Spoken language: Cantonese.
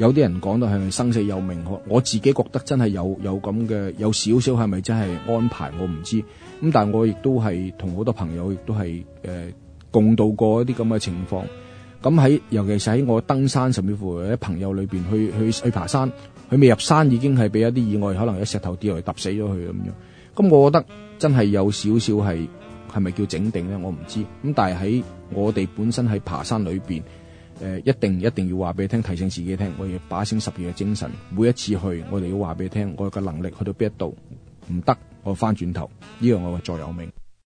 有啲人講到係生死有命，我我自己覺得真係有有咁嘅有少少係咪真係安排我唔知，咁但我亦都係同好多朋友亦都係、呃、共度過一啲咁嘅情況。咁喺尤其是喺我登山甚至乎喺朋友裏邊去去去爬山，佢未入山已經係俾一啲意外，可能一石頭跌落嚟，揼死咗佢咁樣。咁我覺得真係有少少係係咪叫整定咧？我唔知。咁但係喺我哋本身喺爬山裏邊。誒、呃、一定一定要話俾你聽，提醒自己聽，我要把聲十二嘅精神，每一次去，我哋要話俾你聽我嘅能力去到邊一度，唔得，我翻轉頭呢樣、這個、我嘅座右銘。